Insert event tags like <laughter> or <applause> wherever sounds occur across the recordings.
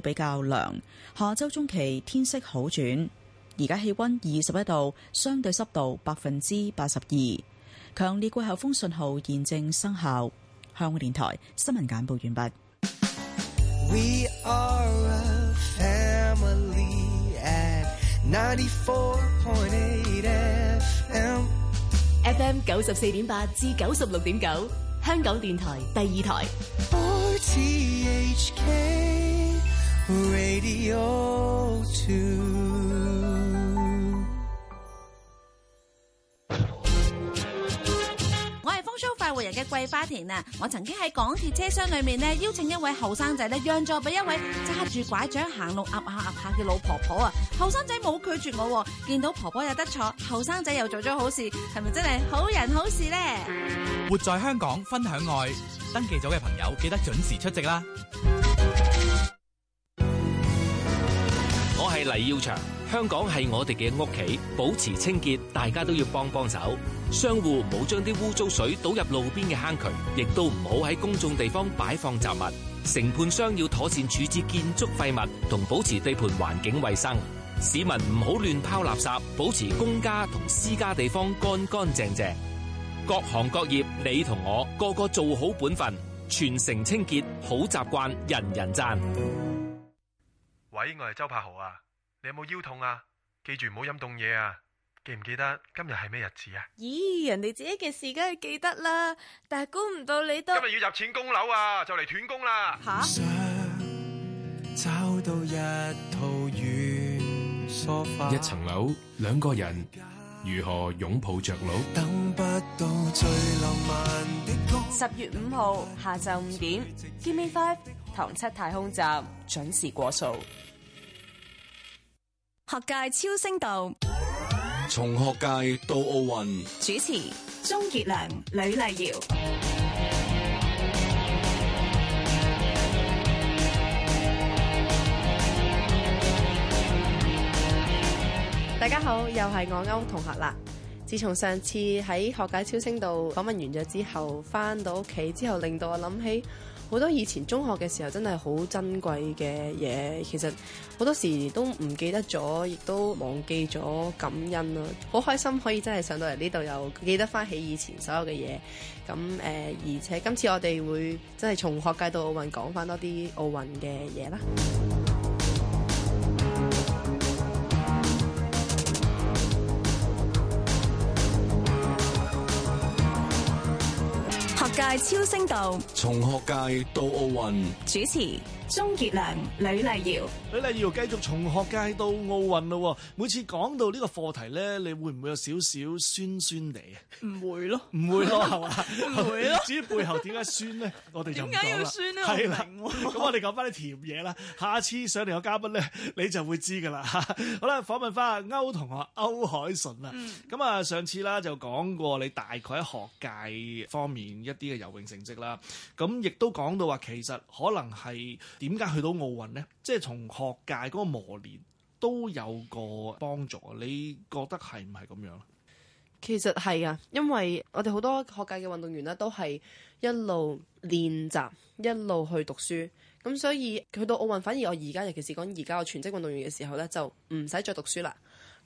比較涼，下周中期天色好轉。而家氣溫二十一度，相對濕度百分之八十二。強烈季候風信號現正生效。香港電台新聞簡報完畢。We are a family at FM 九十四點八至九十六點九，香港電台第二台。Radio Two. 我係風騷快活人嘅桂花田啊！我曾經喺港鐵車廂裏面咧，邀請一位後生仔咧讓座俾一位揸住拐杖行路，岌下岌下嘅老婆婆啊！後生仔冇拒絕我，見到婆婆有得坐，後生仔又做咗好事，係咪真係好人好事呢？活在香港，分享愛，登記咗嘅朋友記得準時出席啦！嚟要長，香港係我哋嘅屋企，保持清潔，大家都要幫幫手。商戶唔好將啲污糟水倒入路邊嘅坑渠，亦都唔好喺公眾地方擺放雜物。承判商要妥善處置建築廢物，同保持地盤環境衛生。市民唔好亂拋垃圾，保持公家同私家地方乾乾淨淨。各行各業，你同我個個做好本分，全城清潔好習慣，人人讚。喂，我係周柏豪啊！你有冇腰痛啊？記住唔好飲凍嘢啊！記唔記得今日係咩日子啊？咦，人哋自己嘅事梗係記得啦，但係估唔到你都今日要入錢供樓啊，就嚟斷供啦！吓？一層樓兩個人如何擁抱着佬？等不到最浪漫的十月五號下晝五點，Give Me Five，唐七太空站，準時過數。學界超聲道，從學界到奧運，主持鍾傑良、呂麗瑤。大家好，又係我歐同學啦。自從上次喺學界超聲道訪問完咗之後，翻到屋企之後，令到我諗起。好多以前中學嘅時候真係好珍貴嘅嘢，其實好多時都唔記得咗，亦都忘記咗感恩咯。好開心可以真係上到嚟呢度，又記得翻起以前所有嘅嘢，咁誒、呃，而且今次我哋會真係從學界到奧運講翻多啲奧運嘅嘢啦。超聲道，從學界到奧運。主持鍾傑良、呂麗瑤。呂麗瑤，繼續從學界到奧運咯。每次講到呢個課題咧，你會唔會有少少酸酸地啊？唔會咯，唔會咯，係嘛？唔會咯。至於背後點解酸咧，我哋就唔講啦。係啦，咁我哋講翻啲甜嘢啦。下次上嚟嘅嘉賓咧，你就會知噶啦。好啦，訪問翻歐同學，歐鎧淳啊。咁啊，上次啦就講過你大概喺學界方面一啲嘅人。游泳成績啦，咁亦都講到話，其實可能係點解去到奧運呢？即係從學界嗰個磨練都有個幫助。你覺得係唔係咁樣？其實係啊，因為我哋好多學界嘅運動員呢，都係一路練習，一路去讀書，咁所以去到奧運，反而我而家尤其是講而家我全職運動員嘅時候呢，就唔使再讀書啦，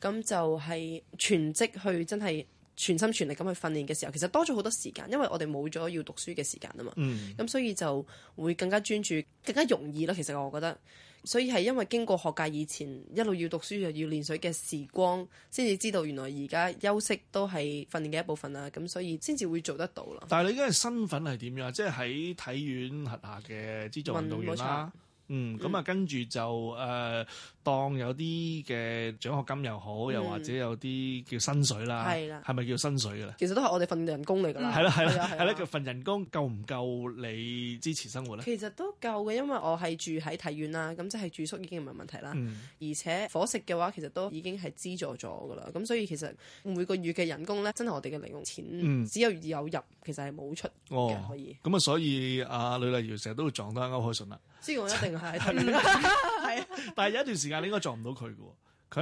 咁就係全職去，真係。全心全力咁去訓練嘅時候，其實多咗好多時間，因為我哋冇咗要讀書嘅時間啊嘛，咁、嗯、所以就會更加專注，更加容易咯。其實我覺得，所以係因為經過學界以前一路要讀書又要練水嘅時光，先至知道原來而家休息都係訓練嘅一部分啊。咁所以先至會做得到啦。但係你而家身份係點樣？即係喺體院轄下嘅資助運動員啦。冇錯。嗯，咁啊，跟住就誒。呃當有啲嘅獎學金又好，又或者有啲叫薪水啦，係咪叫薪水啊？其實都係我哋份人工嚟㗎啦。係啦，係啦，係啦。份人工夠唔夠你支持生活咧？其實都夠嘅，因為我係住喺體院啦，咁即係住宿已經唔係問題啦。而且伙食嘅話，其實都已經係資助咗㗎啦。咁所以其實每個月嘅人工咧，真係我哋嘅零用錢只有有入，其實係冇出哦，可以。咁啊，所以阿呂麗瑤成日都會撞到歐鎧淳啦。呢我一定係係啊！但係有一段時間。你應該撞唔到佢㗎喎，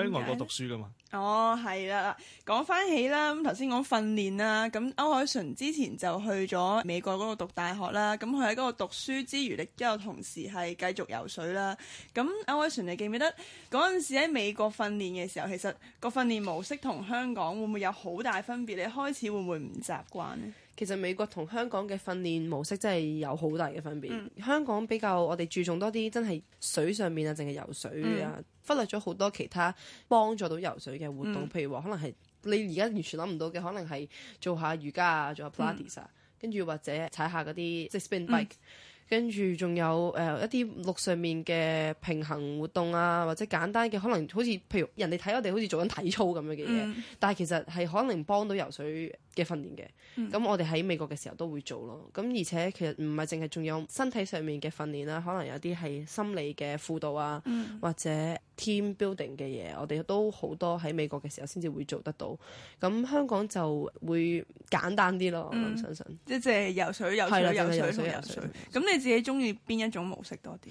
佢喺外國讀書噶嘛？哦，係啦，講返起啦，咁頭先講訓練啦，咁歐鎧淳之前就去咗美國嗰度讀大學啦，咁佢喺嗰度讀書之餘，亦都有同時係繼續游水啦。咁歐鎧淳你記唔記得嗰陣時喺美國訓練嘅時候，其實個訓練模式同香港會唔會有好大分別？你開始會唔會唔習慣咧？其實美國同香港嘅訓練模式真係有好大嘅分別。嗯、香港比較我哋注重多啲，真係水上面啊，淨係游水啊，嗯、忽略咗好多其他幫助到游水嘅活動。嗯、譬如話，可能係你而家完全諗唔到嘅，可能係做下瑜伽啊，做下 Pilates 啊，跟住、嗯、或者踩下嗰啲即係 spin bike、嗯。嗯。跟住仲有誒一啲陸上面嘅平衡活動啊，或者簡單嘅可能好似譬如人哋睇我哋好似做緊體操咁樣嘅嘢，嗯、但係其實係可能幫到游水嘅訓練嘅。咁、嗯、我哋喺美國嘅時候都會做咯。咁而且其實唔係淨係仲有身體上面嘅訓練啦，可能有啲係心理嘅輔導啊，嗯、或者 team building 嘅嘢，我哋都好多喺美國嘅時候先至會做得到。咁香港就會簡單啲咯，嗯、我諗相信。即係游水、游水、游水、游水、游水。咁你？自己中意邊一種模式多啲？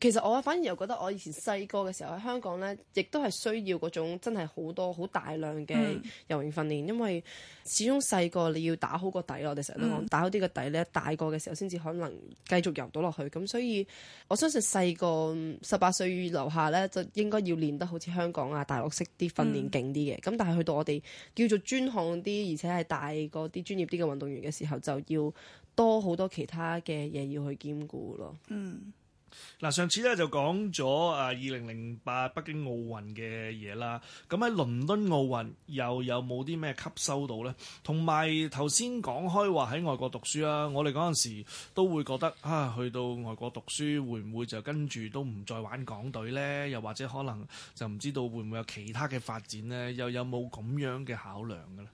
其實我反而又覺得我以前細個嘅時候喺香港呢，亦都係需要嗰種真係好多好大量嘅游泳訓練，嗯、因為始終細個你要打好個底，我哋成日都講打好啲個底呢，大個嘅時候先至可能繼續游到落去。咁所以我相信細個十八歲以下呢，就應該要練得好似香港啊大陸式啲訓練勁啲嘅。咁、嗯、但係去到我哋叫做專項啲，而且係大個啲專業啲嘅運動員嘅時候，就要。多好多其他嘅嘢要去兼顧咯。嗯，嗱，上次咧就講咗啊，二零零八北京奧運嘅嘢啦。咁喺倫敦奧運又有冇啲咩吸收到呢？同埋頭先講開話喺外國讀書啊，我哋嗰陣時都會覺得啊，去到外國讀書會唔會就跟住都唔再玩港隊呢？又或者可能就唔知道會唔會有其他嘅發展呢？又有冇咁樣嘅考量嘅咧？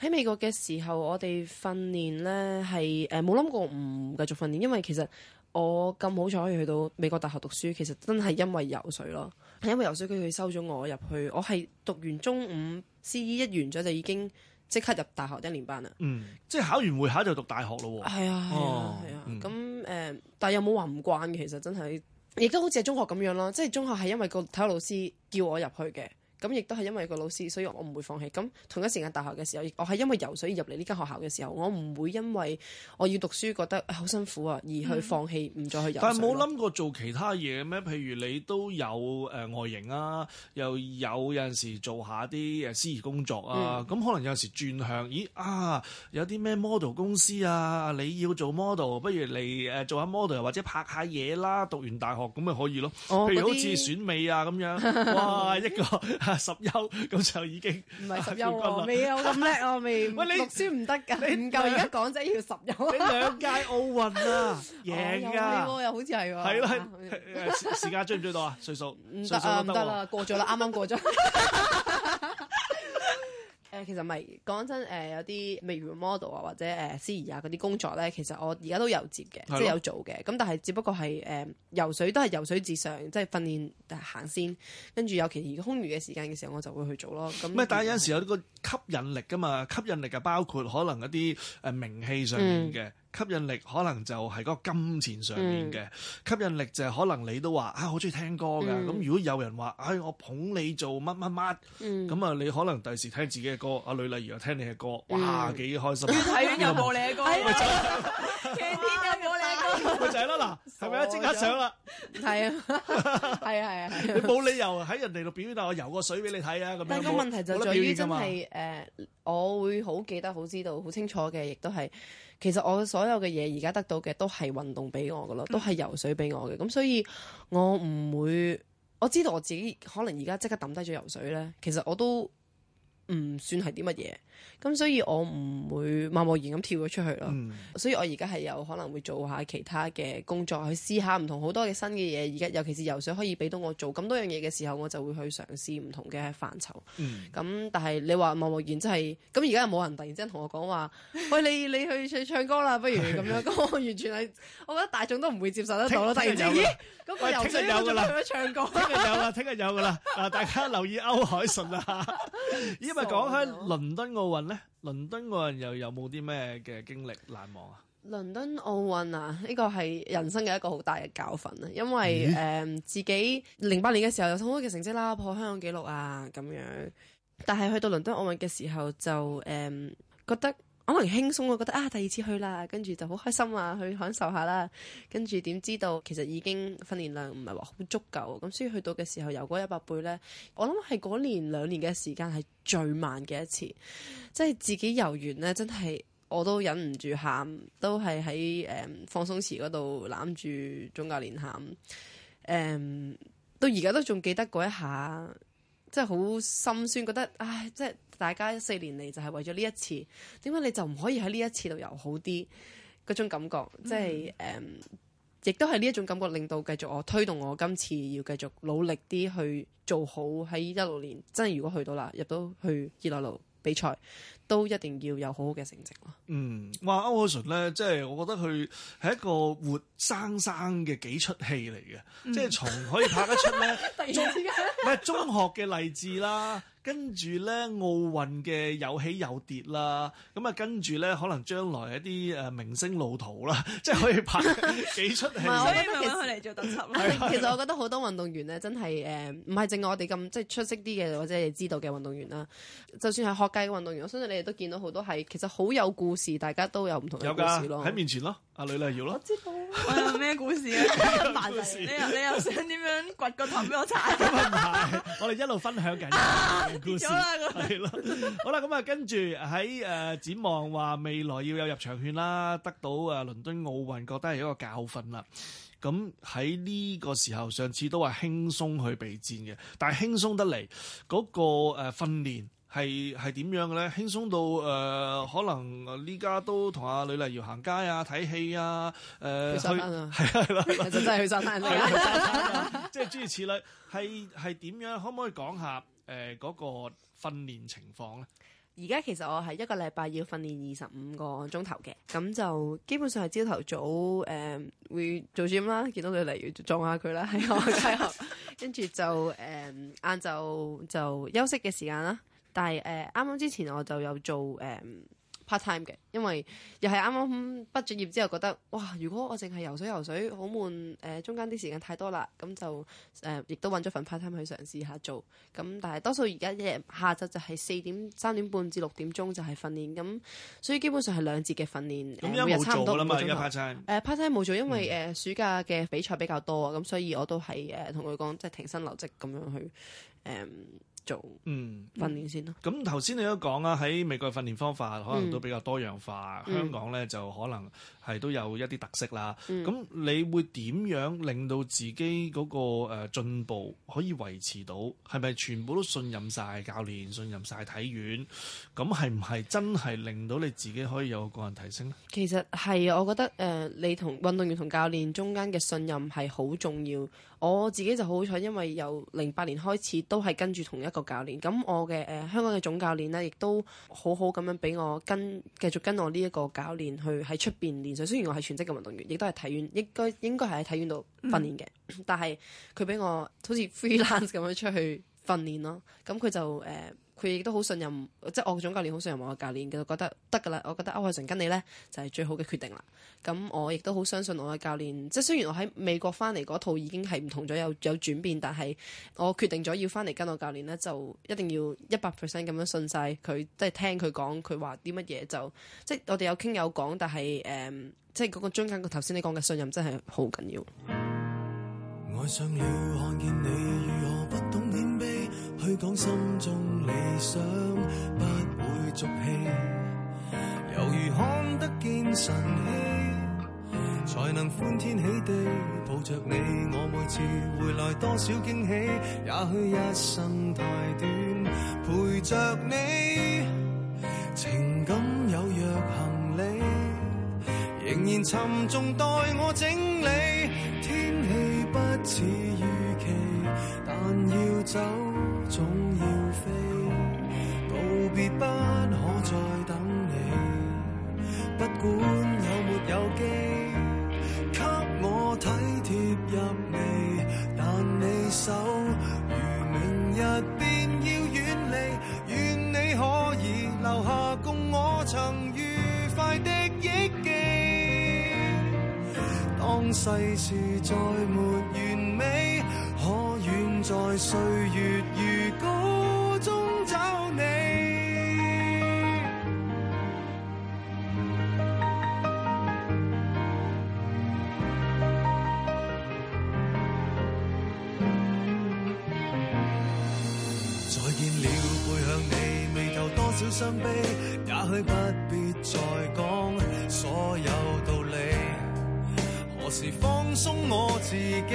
喺美國嘅時候，我哋訓練呢，係誒冇諗過唔繼續訓練，因為其實我咁好彩可以去到美國大學讀書，其實真係因為游水咯，係因為游水佢收咗我入去，我係讀完中五 CE 一完咗就已經即刻入大學一年班啦。嗯，即係考完會考就讀大學咯喎。係啊係啊係啊，咁誒，但係有冇話唔慣？其實真係亦都好似係中學咁樣啦，即係中學係因為個體育老師叫我入去嘅。咁亦都係因為個老師，所以我唔會放棄。咁同一時間大學嘅時候，我係因為游水而入嚟呢間學校嘅時候，我唔會因為我要讀書覺得好辛苦啊，而去放棄唔、嗯、再去遊水。但係冇諗過做其他嘢咩？譬如你都有誒外形啊，又有有陣時做下啲誒司儀工作啊。咁、嗯、可能有陣時轉向，咦啊，有啲咩 model 公司啊？你要做 model，不如你誒做下 model，或者拍下嘢啦。讀完大學咁咪可以咯。譬、哦、如好似選美啊咁樣，哦、哇一個～ <laughs> <laughs> 十優咁就已經唔係十優啊，未有咁叻啊，未。喂，你讀書唔得噶，你唔夠而家港仔要十優。你兩屆奧運啊，贏啊，又好似係。係咯，時間追唔追到啊？歲數，唔得啊，唔得啦，過咗啦，啱啱過咗。其實咪講真，誒、呃、有啲未 model 啊，或者誒司儀嗰啲工作咧，其實我而家都有接嘅，的即係有做嘅。咁但係只不過係誒、呃、游水都係游水至上，即係訓練行先，跟住有其餘空餘嘅時間嘅時候，我就會去做咯。咁，但係有陣時有呢個吸引力噶嘛，吸引力啊包括可能一啲誒名氣上面嘅、嗯。吸引力可能就係個金錢上面嘅、嗯、吸引力，就係可能你都話啊，好中意聽歌㗎。咁、嗯、如果有人話唉、哎，我捧你做乜乜乜，咁啊、嗯，你可能第時聽自己嘅歌，阿呂麗瑤又聽你嘅歌，哇，幾開心、啊！院又冇你嘅歌，騎天啊！就係咯，嗱，係咪啊？即刻上啦！係啊，係 <noise> 啊樂，係啊！你冇理由喺人哋度表演，但我游個水俾你睇啊！咁但個問題就在於真係誒、呃，我會好記得、好知道、好清楚嘅，亦都係其實我所有嘅嘢而家得到嘅都係運動俾我噶咯，都係游水俾我嘅。咁所以我唔會我知道我自己可能而家即刻抌低咗游水咧，其實我都唔算係啲乜嘢。咁所以，我唔會貿貿然咁跳咗出去咯。所以我而家係有可能會做下其他嘅工作，去思考唔同好多嘅新嘅嘢。而家尤其是游水可以俾到我做咁多樣嘢嘅時候，我就會去嘗試唔同嘅範疇。咁、嗯嗯、但係你話貿貿然真係咁，而家又冇人突然之間同我講話，喂你你去唱歌啦，不如咁樣。咁的我完全係，我覺得大眾都唔會接受得到咯。明突然之間，咦？嗰、嗰個游水嗰個去唱歌。有啦，聽日有㗎啦！有 <laughs> 大家留意歐鎧淳啊，因為講開倫敦奧。倫敦奧運又有冇啲咩嘅經歷難忘啊？倫敦奧運啊，呢個係人生嘅一個好大嘅教訓啊，因為誒、嗯呃、自己零八年嘅時候有好好嘅成績啦，破香港紀錄啊咁樣，但係去到倫敦奧運嘅時候就誒、呃、覺得。可能輕鬆，我覺得啊，第二次去啦，跟住就好開心啊，去享受下啦。跟住點知道，其實已經訓練量唔係話好足夠，咁所以去到嘅時候遊嗰一百背呢，我諗係嗰年兩年嘅時間係最慢嘅一次，即係自己遊完呢，真係我都忍唔住喊，都係喺誒放鬆池嗰度攬住總教練喊，誒、嗯、到而家都仲記得嗰一下。即係好心酸，覺得唉，即係大家四年嚟就係為咗呢一次，點解你就唔可以喺呢一次度游好啲？嗰種感覺，嗯、即係誒、嗯，亦都係呢一種感覺令到繼續我推動我今次要繼續努力啲去做好喺一六年。真係如果去到啦，入到去熱內盧。比賽都一定要有好好嘅成績咯。嗯，哇！歐鎧淳咧，即、就、係、是、我覺得佢係一個活生生嘅幾出戲嚟嘅，即係、嗯、從可以拍得出咧，突然之間，唔係中學嘅勵志啦。 <laughs> 嗯跟住咧，奧運嘅有起有跌啦，咁啊跟住咧，可能將來一啲誒明星路途啦， <laughs> 即係可以拍啲幾出戲。 <laughs> 唔係，我覺得佢嚟做特輯咯。其實我覺得好多運動員咧，真係誒，唔係淨係我哋咁即係出色啲嘅，或者你知道嘅運動員啦。就算係學界嘅運動員，我相信你哋都見到好多係其實好有故事，大家都有唔同嘅故事咯。喺面前咯，阿呂麗瑤咯。我知道咩、啊 <laughs> 哎、故事啊？事 <laughs> 事你又你又想點樣掘個頭俾我踩？我哋一路分享緊。 <laughs> <laughs> 講咗啦，係咯，好啦，咁啊，跟住喺誒展望話未來要有入場券啦，得到誒倫敦奧運，覺得係一個教訓啦。咁喺呢個時候，上次都係輕鬆去備戰嘅，但係輕鬆得嚟，嗰個誒訓練係係點樣嘅咧？輕鬆到誒，可能呢家都同阿呂麗瑤行街啊，睇戲啊，誒去係啦，真係去沙灘啦，即係諸如此類，係係點樣？可唔可以講下？誒嗰、呃那個訓練情況咧，而家其實我係一個禮拜要訓練二十五個鐘頭嘅，咁就基本上係朝頭早誒、呃、會做 gym 啦，見到佢例如撞下佢啦喺我街學，跟住 <laughs> 就誒晏晝就休息嘅時間啦。但係誒啱啱之前我就有做誒，呃 part time 嘅，因為又係啱啱畢咗業之後覺得，哇！如果我淨係游水游水好悶，誒、呃、中間啲時間太多啦，咁就誒、呃、亦都揾咗份 part time 去嘗試下做。咁但係多數而家嘅下晝就係四點三點半至六點鐘就係訓練，咁所以基本上係兩節嘅訓練，咁一日差唔多啦嘛。誒 part time、呃、part time 冇做，因為誒暑假嘅比賽比較多啊，咁、嗯、所以我都係誒同佢講即係停薪留職咁樣去誒。嗯嗯，訓練先咯。咁頭先你都講啦，喺美國嘅訓練方法可能都比較多樣化，嗯、香港呢就可能係都有一啲特色啦。咁、嗯、你會點樣令到自己嗰個誒進步可以維持到？係咪全部都信任晒教練、信任晒體院？咁係唔係真係令到你自己可以有個人提升咧？其實係，我覺得誒、呃，你同運動員同教練中間嘅信任係好重要。我自己就好彩，因為由零八年開始都係跟住同一個教練，咁我嘅誒、呃、香港嘅總教練呢亦都好好咁樣俾我跟，繼續跟我呢一個教練去喺出邊練習。雖然我係全職嘅運動員，亦都係體院，應該應該係喺體院度訓練嘅，嗯、但係佢俾我好似 freelance 咁樣出去訓練咯。咁佢就誒。呃佢亦都好信任，即係我嘅總教練好信任我嘅教練，其實覺得得㗎啦。我覺得歐鎧淳跟你呢，就係、是、最好嘅決定啦。咁我亦都好相信我嘅教練，即係雖然我喺美國翻嚟嗰套已經係唔同咗，有有轉變，但係我決定咗要翻嚟跟我教練呢，就一定要一百 percent 咁樣信曬佢，即係聽佢講，佢話啲乜嘢就即係我哋有傾有講，但係誒、嗯，即係嗰個中間頭先你講嘅信任真係好緊要。愛上了，看見你如何不懂。會講心中理想，不會俗氣，猶如看得見晨曦，才能歡天喜地抱着你。我每次回來多少驚喜，也許一生太短，陪着你，情感有若行李，仍然沉重待我整理。天氣不似預期，但要走。不可再等你，不管有沒有機，給我體貼入微。但你手如明日便要遠離，願你可以留下共我曾愉快的憶記。當世事再沒完美，可遠在歲月如歌。傷悲，也許不必再講所有道理。何時放鬆我自己，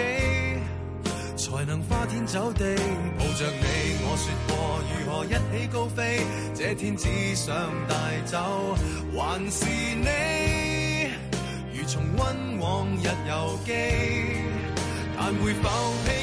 才能花天酒地抱着你？我說過如何一起高飛，這天只想帶走還是你。如重温往日遊記，但會否？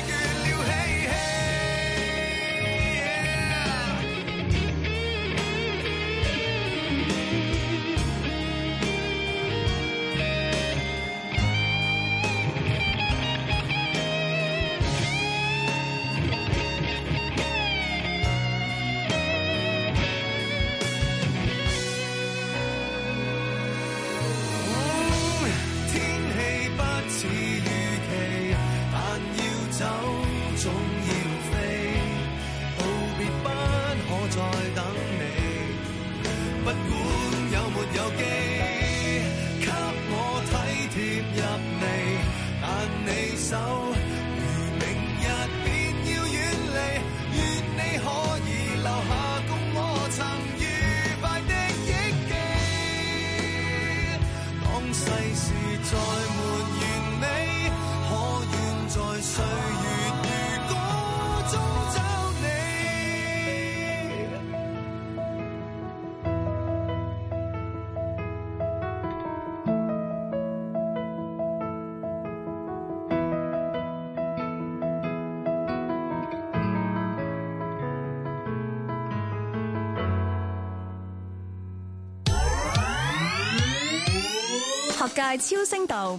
學界超聲道，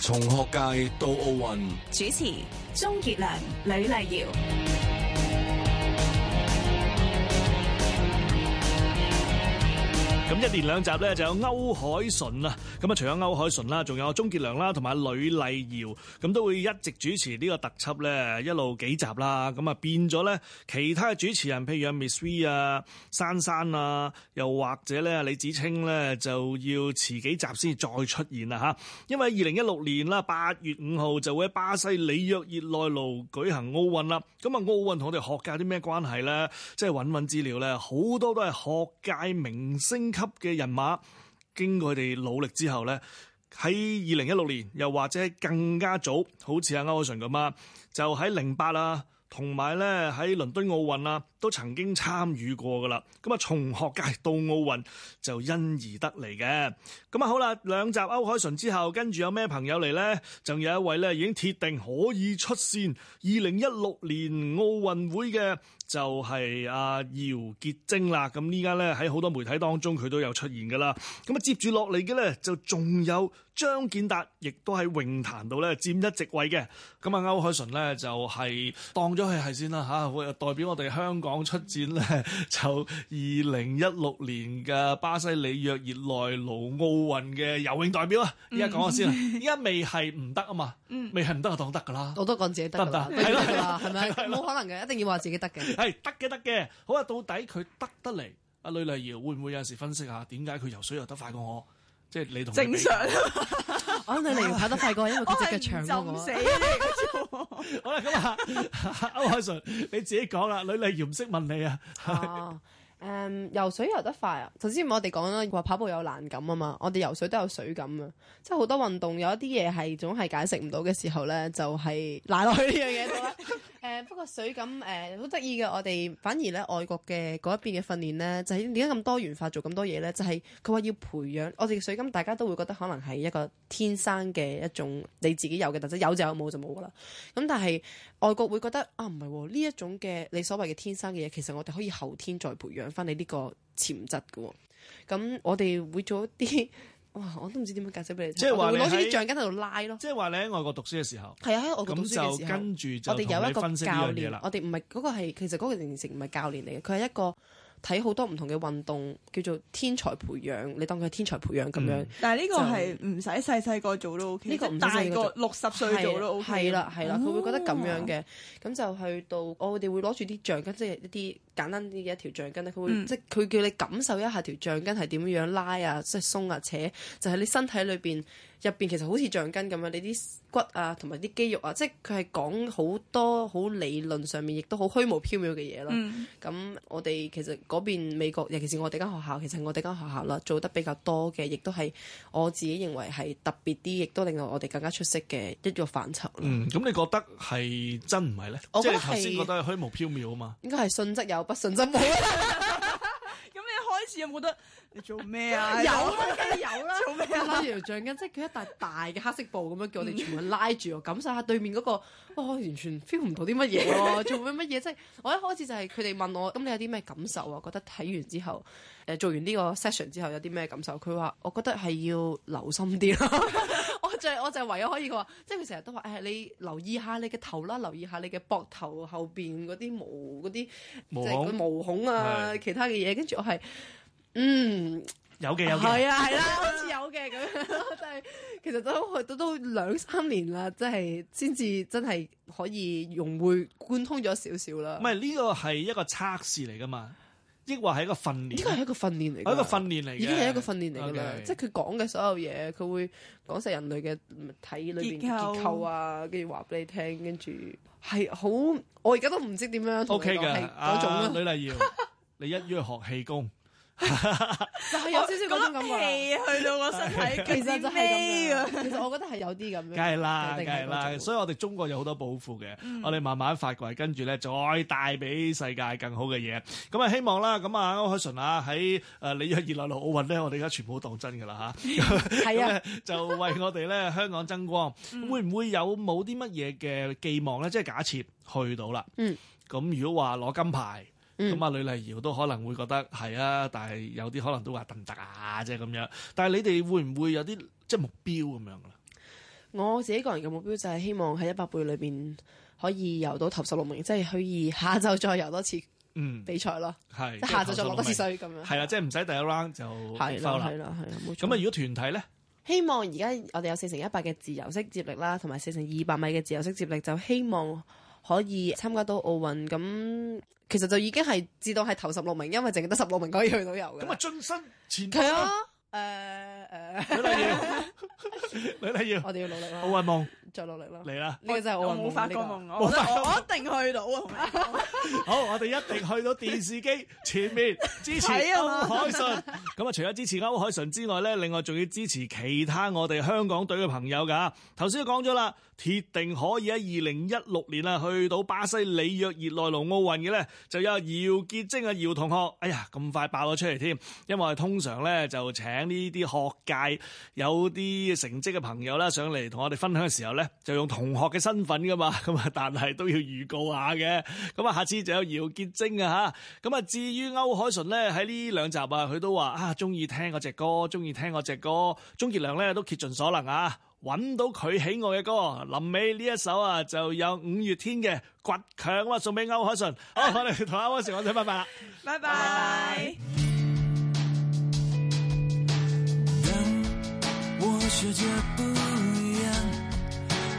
從學界到奧運。主持：鍾傑良、呂麗瑤。一連兩集咧，就有歐鎧淳啊，咁啊除咗歐鎧淳啦，仲有鍾傑良啦，同埋呂麗瑤，咁都會一直主持呢個特輯咧，一路幾集啦，咁啊變咗咧，其他嘅主持人譬如阿 Miss t e e 啊、珊珊啊，又或者咧李子清咧，就要遲幾集先再出現啦吓，因為二零一六年啦，八月五號就會喺巴西里約熱內盧舉行奧運啦，咁啊奧運同我哋學界有啲咩關係咧？即係搵搵資料咧，好多都係學界明星級。嘅人馬，經過佢哋努力之後呢，喺二零一六年，又或者更加早，好似阿歐鎧淳咁啊，就喺零八啊，同埋呢喺倫敦奧運啊，都曾經參與過噶啦。咁啊，從學界到奧運就因而得嚟嘅。咁啊，好啦，兩集歐鎧淳之後，跟住有咩朋友嚟呢？就有一位呢已經鐵定可以出線二零一六年奧運會嘅。就係阿、啊、姚潔貞啦，咁依家咧喺好多媒體當中佢都有出現噶啦，咁啊接住落嚟嘅咧就仲有張健達，亦都喺泳壇度咧佔一席位嘅，咁啊歐鎧淳咧就係、是、當咗佢係先啦嚇，代表我哋香港出戰咧就二零一六年嘅巴西里約熱內盧奧運嘅游泳代表啊，依家講下先、mm. mm. 啦，依家未係唔得啊嘛，未係唔得就當得噶啦，我都講自己得，得唔得？係啦，係咪？冇可能嘅，一定要話自己得嘅。係得嘅，得嘅。好啊，到底佢得得嚟，阿呂麗瑤會唔會有陣時分析下點解佢游水游得快過我？即係你同正常我。 <laughs> 我呂麗瑤跑得快過，因為佢隻腳長過我。我死 <laughs> 好啦，咁啊，歐鎧淳你自己講啦，呂麗瑤唔識問你啊。 <laughs> 哦誒，um, 游水游得快啊！頭先我哋講啦，話跑步有難感啊嘛，我哋游水都有水感啊，即係好多運動有一啲嘢係總係解釋唔到嘅時候咧，就係賴落去呢樣嘢度啦。誒、 <laughs> <laughs> 嗯，不過水感誒好得意嘅，我哋反而咧外國嘅嗰一邊嘅訓練咧，就係點解咁多元化做咁多嘢咧？就係佢話要培養我哋嘅水感，大家都會覺得可能係一個天生嘅一種你自己有嘅特質，有就有，有，就有，冇就冇噶啦。咁但係外國會覺得啊，唔係呢一種嘅你所謂嘅天生嘅嘢，其實我哋可以後天再培養。翻你呢個潛質嘅，咁我哋會做一啲，哇，我都唔知點樣解釋俾你聽。即係話攞住啲橡筋喺度拉咯。即係話你喺外國讀書嘅時候。係啊，喺外國讀書嘅時候。跟住就跟我哋有一個教練，我哋唔係嗰個係，其實嗰個名詞唔係教練嚟嘅，佢係一個睇好多唔同嘅運動，叫做天才培養。你當佢係天才培養咁樣。嗯、但係呢個係唔使細細個做都 OK，即係大個六十歲做都 OK。係啦、啊，係啦、啊，佢、啊啊啊啊、會覺得咁樣嘅，咁就去到我哋會攞住啲橡筋，即、就、係、是、一啲。簡單啲嘅一條橡筋咧，佢會、嗯、即係佢叫你感受一下條橡筋係點樣拉啊，即係鬆啊扯啊，就係、是、你身體裏邊入邊其實好似橡筋咁樣，你啲骨啊同埋啲肌肉啊，即係佢係講好多好理論上面亦都好虛無縹緲嘅嘢咯。咁、嗯、我哋其實嗰邊美國，尤其是我哋間學校，其實我哋間學校啦做得比較多嘅，亦都係我自己認為係特別啲，亦都令到我哋更加出色嘅一個範疇。嗯，咁你覺得係真唔係呢？即係頭先覺得,覺得虛無縹緲啊嘛。應該係信則有。不順心咁 <laughs> <laughs> 你開始有冇得？你做咩啊？有啦，有啦，做咩啊？拉條橡筋，即係佢一大大嘅黑色布咁樣叫我哋全部拉住， <laughs> 我感受下對面嗰、那個，哇、哦！完全 feel 唔到啲乜嘢咯，做咩乜嘢？ <laughs> 即係我一開始就係佢哋問我，咁、嗯、你有啲咩感受啊？我覺得睇完之後，誒做完呢個 session 之後有啲咩感受？佢話我覺得係要留心啲咯。我，我就係我就係唯有可以話，即係佢成日都話誒、哎，你留意下你嘅頭啦，留意下你嘅膊頭後邊嗰啲毛嗰啲，毛孔即毛孔啊，是其他嘅嘢。跟住我係，嗯，有嘅有嘅，係啊係啦，啊、 <laughs> 好似有嘅咁樣，真係其實都去到都，都，都兩三年啦，即係先至真係可以融會貫通咗少少啦。唔係呢個係一個測試嚟噶嘛。抑或係一個訓練，依個係一個訓練嚟，係一個訓練嚟，嘅。已經係一個訓練嚟㗎啦。Okay. 即係佢講嘅所有嘢，佢會講晒人類嘅物體裏邊結構啊，跟住話俾你聽，跟住係好，我而家都唔知點樣同你講嗰、okay、的種、啊。呂麗瑤。你一於學氣功。 <laughs> <laughs> 就係有少少嗰種感覺，去到我身體，其實就係咁 <laughs> 其實我覺得係有啲咁。梗係啦，梗係啦。所以我哋中國有好多寶庫嘅，嗯、我哋慢慢發掘，跟住咧再帶俾世界更好嘅嘢。咁啊，希望啦。咁啊歐 c e 啊，喺誒李約熱鬧嘅奧運咧，我哋而家全部都當真㗎啦吓，係啊，就為我哋咧香港增光。 <laughs> 會唔會有冇啲乜嘢嘅寄望咧？嗯、即係假設去到啦。嗯。咁如果話攞金牌？咁啊，呂麗瑤都可能會覺得係啊，但係有啲可能都話得唔得啊啫咁樣。但係你哋會唔會有啲即係目標咁樣噶啦？我自己個人嘅目標就係希望喺一百倍裏邊可以游到頭十六名，即係可以下晝再游多次比賽咯。嗯、即，是即下晝再落多次水咁樣。係、嗯、啊，啊啊即係唔使第一 round 就 foul 啦。係啦，係咁啊，啊啊如果團體咧？希望而家我哋有四乘一百嘅自由式接力啦，同埋四乘二百米嘅自由式接力就希望。可以參加到奧運，咁其實就已經係至到係頭十六名，因為淨係得十六名可以去旅遊嘅。咁啊，進身前級啊！誒誒，uh, uh, <laughs> 呂麗瑤， <laughs> 呂麗瑤， <laughs> 我哋要努力咯！奧運夢。再落嚟咯！嚟啦！呢個真係我冇發過夢，我我一定去到。好，我哋一定去到電視機前面支持歐鎧淳。咁啊，除咗支持歐鎧淳之外咧，另外仲要支持其他我哋香港隊嘅朋友噶。頭先都講咗啦，鐵定可以喺二零一六年啊，去到巴西里約熱內盧奧運嘅咧，就有姚潔貞啊姚同學。哎呀，咁快爆咗出嚟添！因為通常咧就請呢啲學界有啲成績嘅朋友啦，上嚟同我哋分享嘅時候咧。就用同學嘅身份噶嘛，咁啊，但係都要預告下嘅。咁啊，下次就有姚潔晶啊吓。咁啊，至於歐鎧淳咧，喺呢兩集啊，佢都話啊，中意聽嗰隻歌，中意聽嗰隻歌。鍾傑良咧都竭盡所能啊，揾到佢喜愛嘅歌。臨尾呢一首啊，就有五月天嘅《倔強》啊，送俾歐鎧淳。啊、好，我哋同阿歐鎧淳講聲拜拜。拜拜。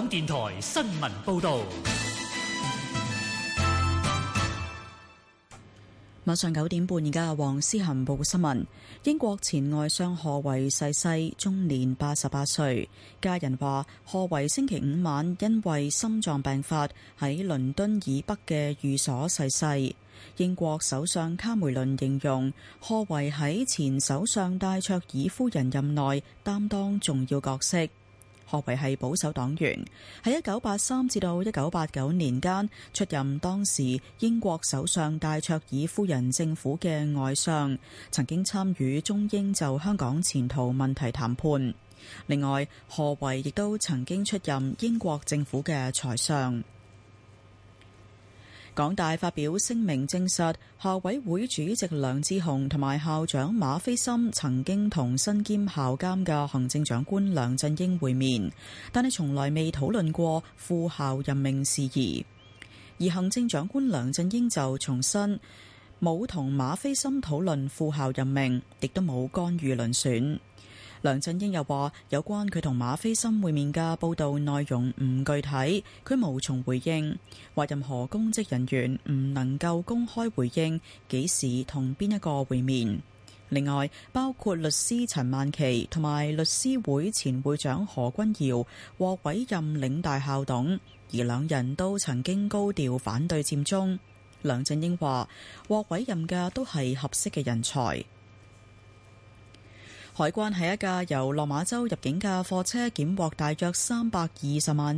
港電台新聞報道：晚上九點半，而家黃思涵報嘅新聞。英國前外相賀維逝世，終年八十八歲。家人話，賀維星期五晚因為心臟病發喺倫敦以北嘅寓所逝世。英國首相卡梅倫形容賀維喺前首相戴卓爾夫人任內擔當重要角色。何為係保守黨員，喺一九八三至到一九八九年間，出任當時英國首相戴卓爾夫人政府嘅外相，曾經參與中英就香港前途問題談判。另外，何為亦都曾經出任英國政府嘅財相。港大發表聲明證實校委會主席梁智鴻同埋校長馬斐森曾經同身兼校監嘅行政長官梁振英會面，但係從來未討論過副校任命事宜。而行政長官梁振英就重申，冇同馬斐森討論副校任命，亦都冇干預遴選。梁振英又話：有關佢同馬菲森會面嘅報道內容唔具體，佢無從回應，話任何公職人員唔能夠公開回應幾時同邊一個會面。另外，包括律師陳萬琪同埋律師會前會長何君堯獲委任領大校董，而兩人都曾經高調反對佔中。梁振英話：獲委任嘅都係合適嘅人才。海關喺一架由落馬洲入境嘅貨車檢獲大約三百二十萬。